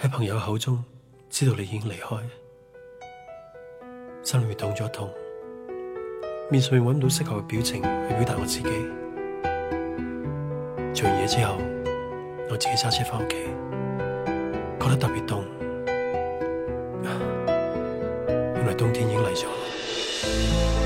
喺朋友嘅口中知道你已經離開了，心裏面痛咗痛，面上面揾唔到適合嘅表情去表達我自己。做完嘢之後，我自己揸車返屋企，覺得特別凍，原來冬天已經嚟咗。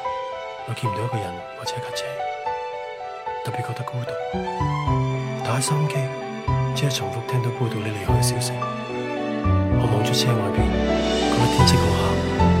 我見唔到一個人或者一架車，特別覺得孤獨。打開收音機，只係重複聽到報道你離開嘅消息。我望住車外邊，嗰日天色好黑。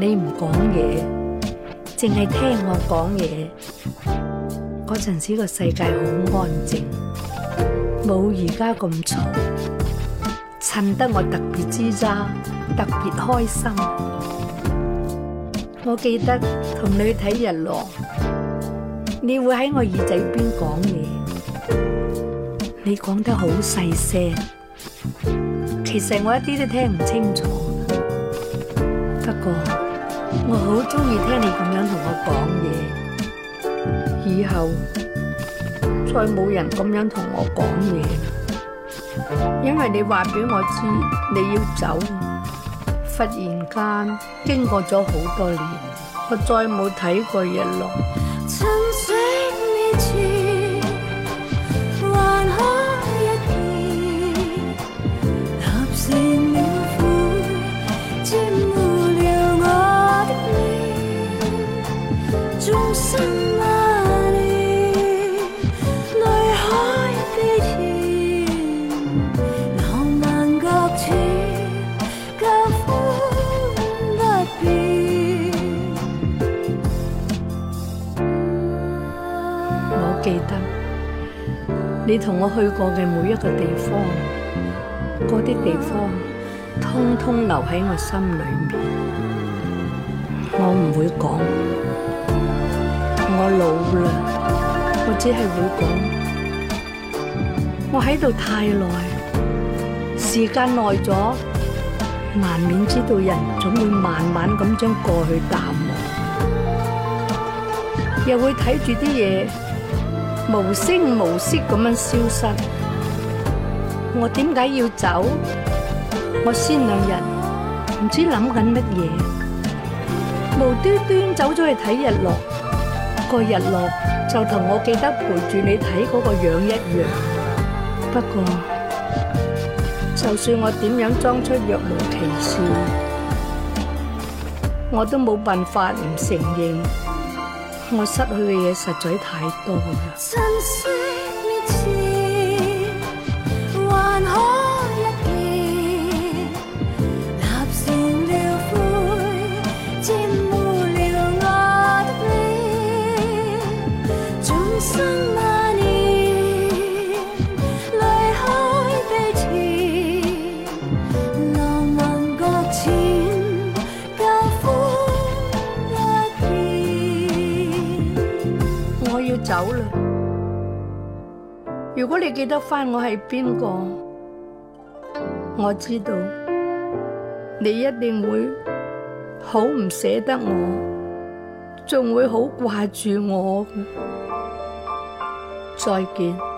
你唔講嘢，淨係聽我講嘢，嗰陣時個世界好安靜，冇而家咁嘈，襯得我特別吱喳，特別開心。我記得同你睇日落，你會喺我耳仔邊講嘢，你講得好細聲，其實我一啲都聽唔清楚，不過。我好中意聽你咁樣同我講嘢，以後，再冇人咁樣同我講嘢，因為你話俾我知你要走，忽然間經過咗好多年，我再冇睇過日落。記得你同我去過嘅每一個地方，嗰啲地方通通留喺我心裏面。我唔會講，我老啦，我只係會講，我喺度太耐，時間耐咗，難免知道人總會慢慢咁將過去淡忘，又會睇住啲嘢。無聲無息咁樣消失，我點解要走？我先兩日唔知諗緊乜嘢，無端端走咗去睇日落，個日落就同我記得陪住你睇嗰個樣一樣。不過，就算我點樣裝出若無其事，我都冇辦法唔承認。我失去嘅嘢實在太多啦。你記得返我係邊個？我知道你一定會好唔捨得我，仲會好掛住我。再見。